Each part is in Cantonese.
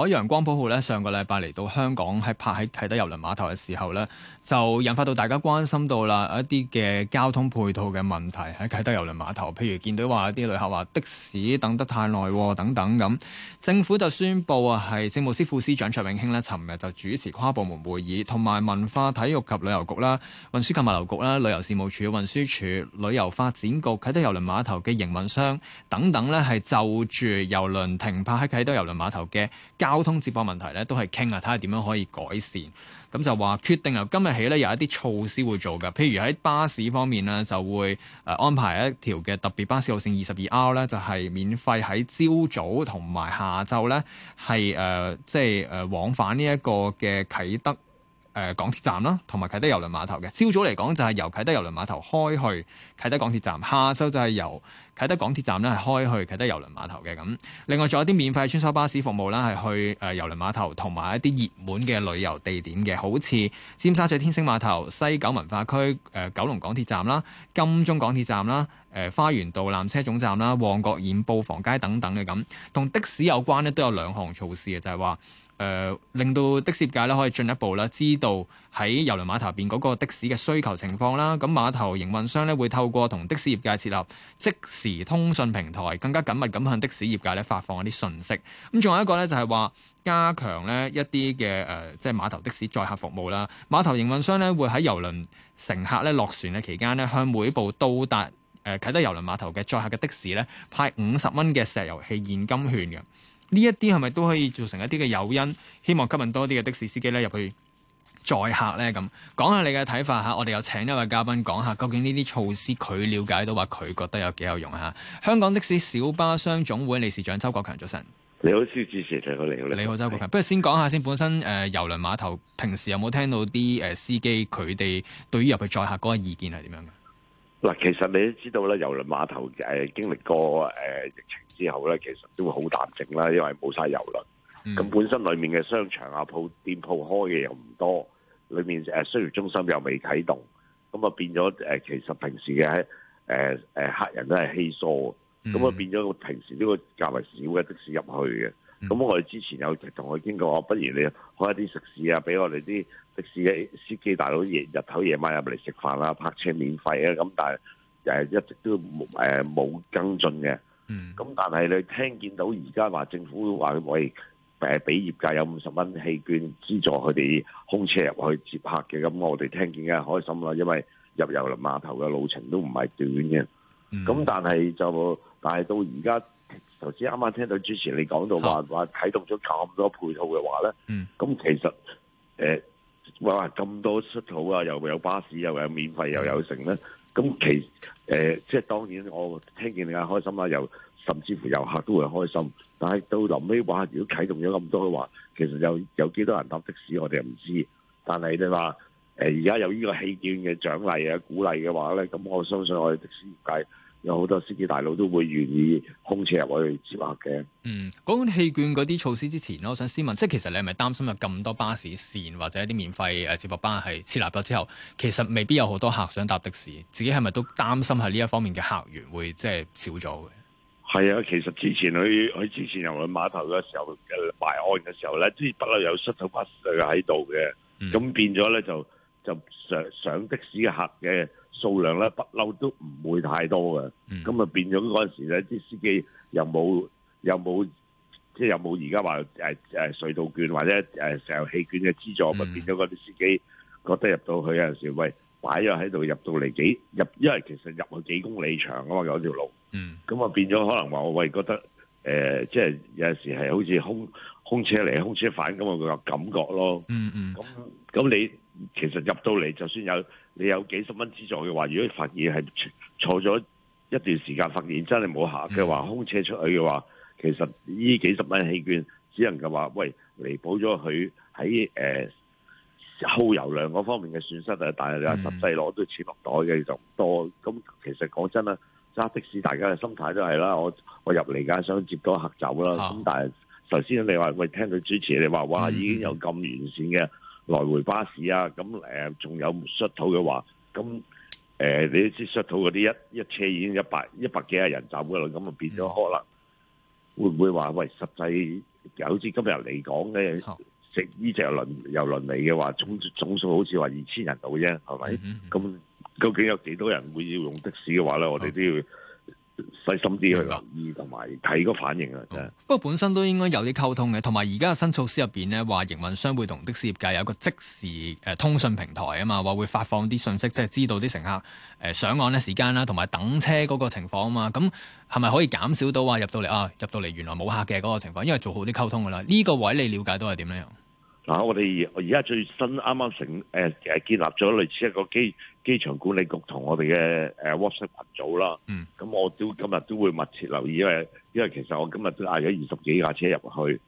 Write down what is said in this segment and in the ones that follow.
海洋光譜號咧，上個禮拜嚟到香港，係泊喺啟德郵輪碼頭嘅時候呢，就引發到大家關心到啦一啲嘅交通配套嘅問題喺啟德郵輪碼頭，譬如見到話啲旅客話的士等得太耐、哦、等等咁，政府就宣布啊，係政務司副司長卓永興咧，尋日就主持跨部門會議，同埋文化體育及旅遊局啦、運輸及物流局啦、旅遊事務處運輸處、旅遊發展局、啟德郵輪碼頭嘅營運商等等呢，係就住郵輪停泊喺啟德郵輪碼頭嘅，交通接駁問題咧，都係傾啊，睇下點樣可以改善。咁就話決定由今日起咧，有一啲措施會做嘅，譬如喺巴士方面咧，就會誒安排一條嘅特別巴士路線二十二 R 咧，就係、是、免費喺朝早同埋下晝咧，係誒即係誒往返呢一個嘅啟德誒、呃、港鐵站啦，同埋啟德郵輪碼頭嘅。朝早嚟講就係由啟德郵輪碼頭開去啟德港鐵站，下晝就係由。啟德港鐵站咧，係開去啟德郵輪碼頭嘅。咁，另外仲有啲免費穿梭巴士服務啦，係去誒郵輪碼頭同埋一啲熱門嘅旅遊地點嘅，好似尖沙咀天星碼頭、西九文化區、誒、呃、九龍港鐵站啦、金鐘港鐵站啦、誒、呃、花園道纜車總站啦、旺角染布房街等等嘅。咁，同的士有關呢，都有兩項措施嘅，就係話誒令到的士界咧可以進一步啦，知道。喺郵輪碼頭邊嗰個的士嘅需求情況啦，咁碼頭營運商咧會透過同的士業界設立即時通訊平台，更加緊密咁向的士業界咧發放一啲信息。咁仲有一個咧就係話加強呢一啲嘅，誒，即係碼頭的士載客服務啦。碼頭營運商咧會喺郵輪乘客咧落船嘅期間呢，向每部到達誒啟德郵輪碼頭嘅載客嘅的、的士咧派五十蚊嘅石油氣現金券嘅。呢一啲係咪都可以造成一啲嘅誘因，希望吸引多啲嘅的、的士司機咧入去。載客咧咁，講下你嘅睇法吓。我哋有請一位嘉賓講下，究竟呢啲措施佢了解到話，佢覺得有幾有用吓。香港的士小巴商總會理事長周國強，早晨。你好，肖主持你，你好，周國強。不如先講下先，本身誒郵、呃、輪碼頭平時有冇聽到啲誒司機佢哋對於入去載客嗰個意見係點樣嘅？嗱，其實你都知道啦，郵輪碼頭誒、呃、經歷過誒、呃、疫情之後咧，其實都會好淡靜啦，因為冇晒郵輪。咁、嗯、本身裏面嘅商場啊鋪店鋪開嘅又唔多。裏面誒商業中心又未啟動，咁啊變咗誒，其實平時嘅喺誒誒客人都係稀疏咁啊、mm-hmm. 變咗平時呢個較為少嘅的士入去嘅。咁、mm-hmm. 我哋之前有同佢傾過，不如你開一啲食肆啊，俾我哋啲的，的士嘅司機大佬夜日頭夜晚入嚟食飯啦，泊車免費啊。咁但係誒一直都誒冇跟進嘅。咁、mm-hmm. 但係你聽見到而家話政府話佢可以。誒俾業界有五十蚊氣券資助佢哋空車入去接客嘅，咁我哋聽見梗係開心啦，因為入郵輪碼頭嘅路程都唔係短嘅。咁、嗯、但係就，但係到而家頭先啱啱聽到之前你講到話話啟動咗咁多配套嘅話咧，咁、嗯、其實誒話咁多出土啊，又有巴士又有免費又有成咧，咁其誒、呃、即係當然我聽見你梗係開心啦，又。甚至乎遊客都會開心，但係到臨尾話，如果啟動咗咁多嘅話，其實有有幾多人搭的士，我哋又唔知道。但係你話誒，而、呃、家有呢個氣券嘅獎勵啊、鼓勵嘅話咧，咁我相信我哋的士業界有好多司機大佬都會願意空車入去接客嘅。嗯，講氣券嗰啲措施之前，我想先問，即係其實你係咪擔心有咁多巴士綫或者一啲免費誒接駁巴士設立咗之後，其實未必有好多客想搭的士，自己係咪都擔心係呢一方面嘅客源會即係少咗嘅？係啊，其實之前佢去之前又去碼頭嘅時候，誒埋岸嘅時候咧，即係不嬲有失手不碎喺度嘅，咁、嗯、變咗咧就就上上的士客嘅數量咧，不嬲都唔會太多嘅，咁、嗯、啊變咗嗰陣時咧，啲司機又冇又冇即係又冇而家話誒誒隧道券或者誒、啊、石油氣券嘅資助，嗯、變咗嗰啲司機覺得入到去有陣時會。喂擺咗喺度入到嚟，幾入，因為其實入去幾公里長啊嘛，嗰條路。嗯。咁啊變咗可能話我喂，覺得誒、呃，即係有陣時係好似空空車嚟空車返咁，啊個感覺咯。嗯嗯。咁咁你其實入到嚟就算有你有幾十蚊資助嘅話，如果你發現係坐咗一段時間發現真係冇下冇客嘅話，嗯，就是，空車出去嘅話，其實呢幾十蚊氣券只能夠話喂，彌補咗佢喺誒。耗油量嗰方面嘅損失是的、嗯、的的是的啊，但係你話實際攞到存落袋嘅就唔多。咁其實講真啊，揸的士大家嘅心態都係啦。我我入嚟梗係想接多客走啦。咁但係頭先你話喂，聽到主持你話哇，已經有咁完善嘅來回巴士啊。咁誒仲有 Shuttle 嘅話，咁誒、呃、你知 Shuttle 嗰啲一一車已經一百一百幾廿人走嘅啦。咁啊變咗可能、嗯、會唔會話喂，實際就好似今日嚟講咧。啊呢隻遊輪遊輪嚟嘅話，總總數好似話二千人到啫，係咪？咁、嗯嗯、究竟有幾多人會要用的士嘅話咧、嗯？我哋都要細心啲去留意同埋睇個反應啊、嗯！不過本身都應該有啲溝通嘅，同埋而家新措施入邊呢，話營運商會同的士業界有一個即時誒通訊平台啊嘛，話會發放啲信息，即係知道啲乘客誒上岸咧時間啦，同埋等車嗰個情況啊嘛。咁係咪可以減少到話入到嚟啊？入到嚟原來冇客嘅嗰個情況，因為做好啲溝通噶啦。呢、個位你了解到係點咧？嗱，我哋而家最新啱啱成誒誒、呃、建立咗類似一個機機場管理局同我哋嘅誒 WhatsApp 羣組啦。嗯，咁我都今日都會密切留意，因為因為其實我今日都嗌咗二十幾架車入去，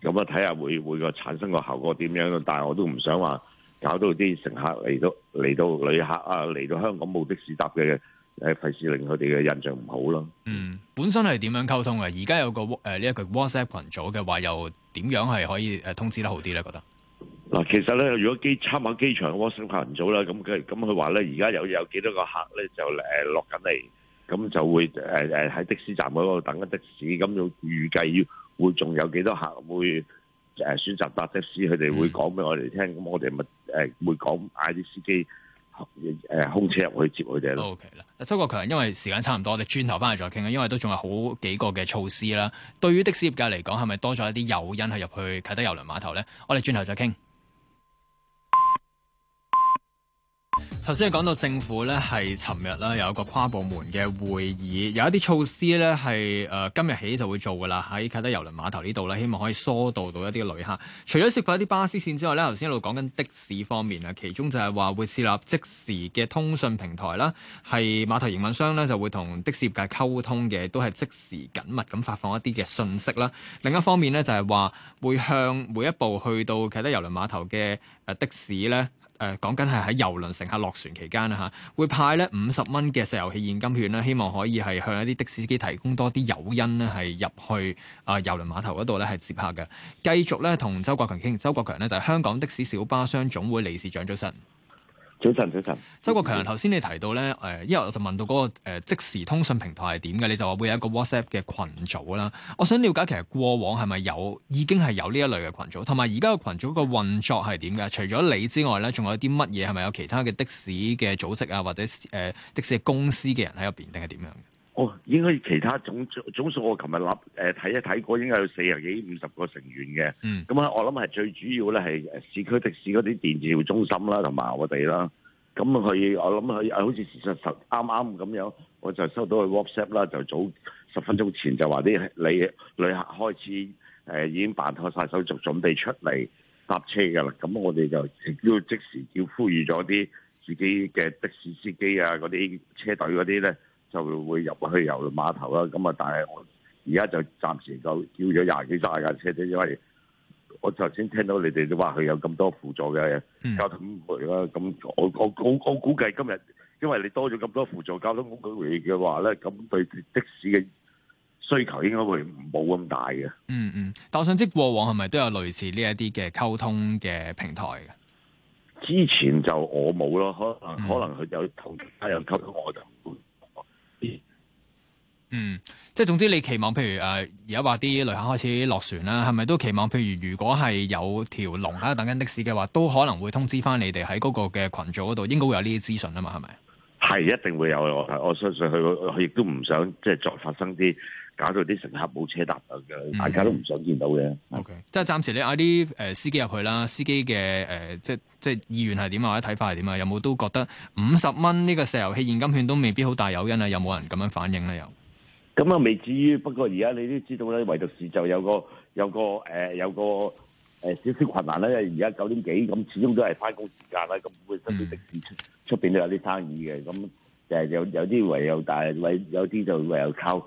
咁啊睇下會會個產生個效果點樣。但係我都唔想話搞到啲乘客嚟到嚟到，嚟到旅客啊嚟到香港冇的士搭嘅。誒，費事令佢哋嘅印象唔好咯。嗯，本身係點樣溝通啊？而家有個誒呢一個 WhatsApp 群組嘅話，又點樣係可以誒通知得好啲咧？覺得嗱，其實咧，如果機參考機場嘅 WhatsApp 群組啦，咁佢咁佢話咧，而家有有幾多個客咧就誒落緊嚟，咁、呃、就會誒誒喺的士站嗰度等緊的士，咁就預計要會仲有幾多客會誒、呃、選擇搭的士，佢哋會講俾我哋聽，咁、嗯、我哋咪誒會講嗌啲司機。誒，空車入去接佢哋都 O K 啦，嗱，okay，周國強，因為時間差唔多，你哋轉頭翻嚟再傾啦。因為都仲有好幾個嘅措施啦，對於的士業界嚟講，係咪多咗一啲誘因去入去啟德郵輪碼頭咧？我哋轉頭再傾。頭先講到政府咧，係尋日啦，有一個跨部門嘅會議，有一啲措施咧係誒今日起就會做嘅啦，喺啟德郵輪碼頭呢度啦，希望可以疏導到一啲旅客。除咗涉及一啲巴士線之外咧，頭先一路講緊的士方面啊，其中就係話會設立即時嘅通訊平台啦，係碼頭營運商咧就會同的士業界溝通嘅，都係即時緊密咁發放一啲嘅信息啦。另一方面咧就係、是、話會向每一部去到啟德郵輪碼頭嘅誒、呃、的士咧。誒、呃，講緊係喺遊輪乘客落船期間啦吓，會派呢五十蚊嘅石油氣現金券，希望可以係向一啲的士司機提供多啲誘因呢係入去啊遊輪碼頭嗰度呢係接客嘅。繼續呢，同周國強傾，周國強呢，就係香港的士小巴商總會理事長身，早晨。早晨，早晨。周國強，頭先你提到咧，誒，因為我就問到嗰個誒即時通訊平台係點嘅，你就話會有一個 WhatsApp 嘅群組啦。我想了解其實過往係咪有，已經係有呢一類嘅群組，同埋而家個群組個運作係點嘅？除咗你之外咧，仲有啲乜嘢係咪有其他嘅的、的士嘅組織啊，或者誒的士嘅公司嘅人喺入邊，定係點樣？哦，應該其他總總數我琴日諗睇一睇過，應該有四十幾五十個成員嘅。嗯，咁啊，我諗係最主要咧係市區的士嗰啲電召中心啦，同埋我哋啦。咁佢我諗佢好似事實上啱啱咁樣，我就收到佢 WhatsApp 啦，就早十分鐘前就話啲你旅客開始、呃、已經辦妥晒手續，準備出嚟搭車噶啦。咁我哋就要即時要呼籲咗啲自己嘅的、的士司機啊，嗰啲車隊嗰啲咧。就會入去遊碼頭啦，咁啊！但係我而家就暫時就叫咗廿幾、卅架車啫，因為我頭先聽到你哋都話佢有咁多輔助嘅、嗯、交通工具啦，咁我我估我估計今日因為你多咗咁多輔助交通工具嚟嘅話咧，咁對的士嘅需求應該會冇咁大嘅。嗯嗯，但係想知過往係咪都有類似呢一啲嘅溝通嘅平台嘅？之前就我冇咯，可能、嗯、可能佢有同其他人溝通，我就唔會。嗯，即係總之你期望，譬如誒而家話啲旅客開始落船啦，係咪都期望？譬如如果係有條龍喺度等緊的士嘅話，都可能會通知翻你哋喺嗰個嘅群組嗰度，應該會有呢啲資訊啊嘛，係咪？係一定會有我，我相信佢佢亦都唔想即係再發生啲搞到啲乘客冇車搭嘅，嗯，大家都唔想見到嘅。O、okay. K，、嗯、即係暫時你嗌啲誒司機入去啦，司機嘅誒、呃、即即係意願係點啊，或者睇法係點啊？有冇都覺得五十蚊呢個石油氣現金券都未必好大誘因啊？有冇人咁樣反應咧？又咁啊，未至於。不過而家你都知道咧，唯獨是就有個有個誒有個。呃有個誒，少少困難啦，因為而家九點幾咁，始終都係翻工時間啦，咁會身邊同事出出邊都有啲生意嘅，咁誒有有啲唯有但係有啲就唯有靠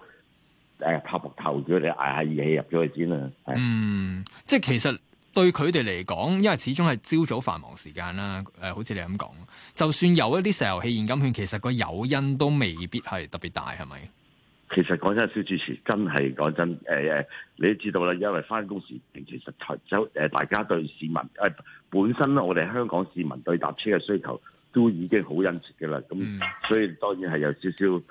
誒拍膊頭住佢哋捱下熱氣入咗去先啊。嗯，即、嗯、係、嗯、其實對佢哋嚟講，因為始終係朝早繁忙時間啦。誒、呃，好似你咁講，就算有一啲石油氣現金券，其實個誘因都未必係特別大，係咪？其實講真的，小主持真係講真，誒、呃、誒，你都知道啦，因為翻工時，平時實在走，誒，大家對市民誒、呃，本身咧，我哋香港市民對搭車嘅需求都已經好殷切嘅啦，咁所以當然係有少少誒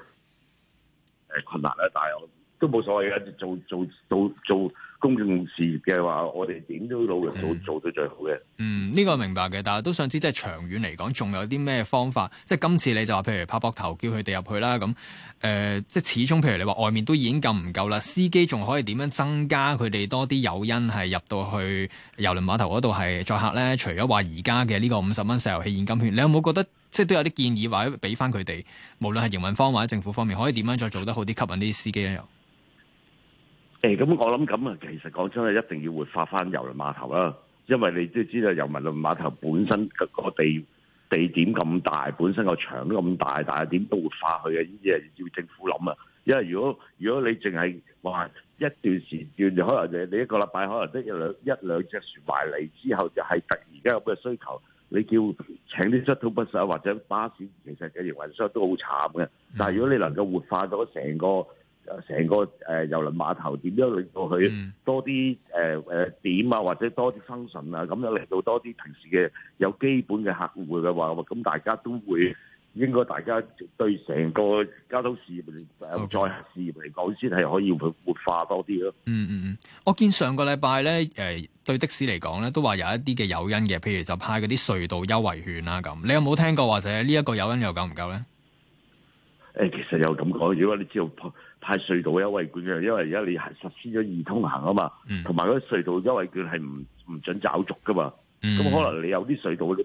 困難啦，但係我都冇所謂嘅，做做做做，做做做公共事業嘅話，我哋點都努力做做到最好嘅。嗯，呢、嗯這個明白嘅，但係都想知即係長遠嚟講，仲有啲咩方法？即係今次你就話，譬如拍膊頭叫佢哋入去啦。咁誒、呃，即係始終譬如你話外面都已經咁唔夠啦，司機仲可以點樣增加佢哋多啲誘因係入到去郵輪碼頭嗰度係載客咧？除咗話而家嘅呢個五十蚊石油氣現金券，你有冇覺得即係都有啲建議或者俾翻佢哋，無論係營運方或者政府方面，可以點樣再做得好啲，吸引啲司機咧？又誒、欸，咁我諗咁啊，其實講真啊，一定要活化翻郵輪碼頭啦，因為你都知道郵輪碼頭本身個地地點咁大，本身個場咁大，但係點都活化去？嘅，呢啲係要政府諗啊。因為如果如果你淨係話一段時段，就可能你你一個禮拜可能得一兩一兩隻船埋嚟之後，就係突然間有嘅需求，你叫請啲 shuttle bus 或者巴士，其實嘅營運商都好慘嘅。但係如果你能夠活化咗成個。成個誒郵，呃、輪碼頭樣，嗯呃、點樣令到佢多啲誒誒點啊，或者多啲生信啊，咁樣嚟到多啲平時嘅有基本嘅客戶嘅話，咁大家都會應該大家對成個交通事業誒、okay. 事業嚟講，先係可以去活化多啲咯。嗯嗯嗯，我見上個禮拜咧誒，對的士嚟講咧，都話有一啲嘅誘因嘅，譬如就派嗰啲隧道優惠券啊咁。你有冇聽過或者呢一個誘因又夠唔夠咧？誒，其實又咁講，如果你知道派隧道優惠券嘅，因為而家你係實施咗易通行啊嘛，同埋嗰啲隧道優惠券係唔唔准找續噶嘛，咁、嗯、可能你有啲隧道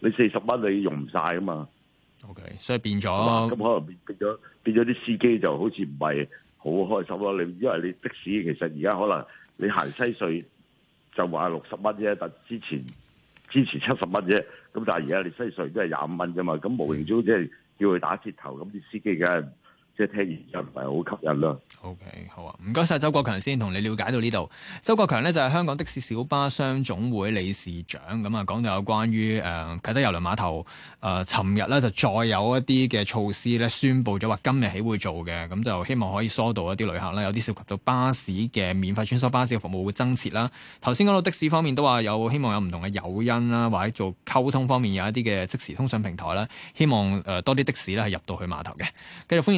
你四十蚊你用唔晒啊嘛，OK，所以變咗，咁可能變變咗變咗啲司機就好似唔係好開心咯，你因為你的士其實而家可能你行西隧就話六十蚊啫，但之前之前七十蚊啫，咁但係而家你西隧都係廿五蚊啫嘛，咁無形中即係叫佢打折頭，咁、嗯、啲司機梗係。即係聽完就唔係好吸引啦。OK，好啊，唔該晒。周國強先同你了解到呢度。周國強呢就係、是、香港的士小巴商總會理事長咁啊、嗯，講到有關於誒、呃、啟德郵輪碼頭誒，尋、呃、日呢就再有一啲嘅措施咧，宣布咗話今日起會做嘅，咁、嗯、就希望可以疏導一啲旅客啦，有啲涉及到巴士嘅免費穿梭巴士嘅服務會增設啦。頭先講到的士方面都話有希望有唔同嘅誘因啦，或者做溝通方面有一啲嘅即時通訊平台啦，希望誒、呃、多啲的士呢係入到去碼頭嘅。繼續歡迎。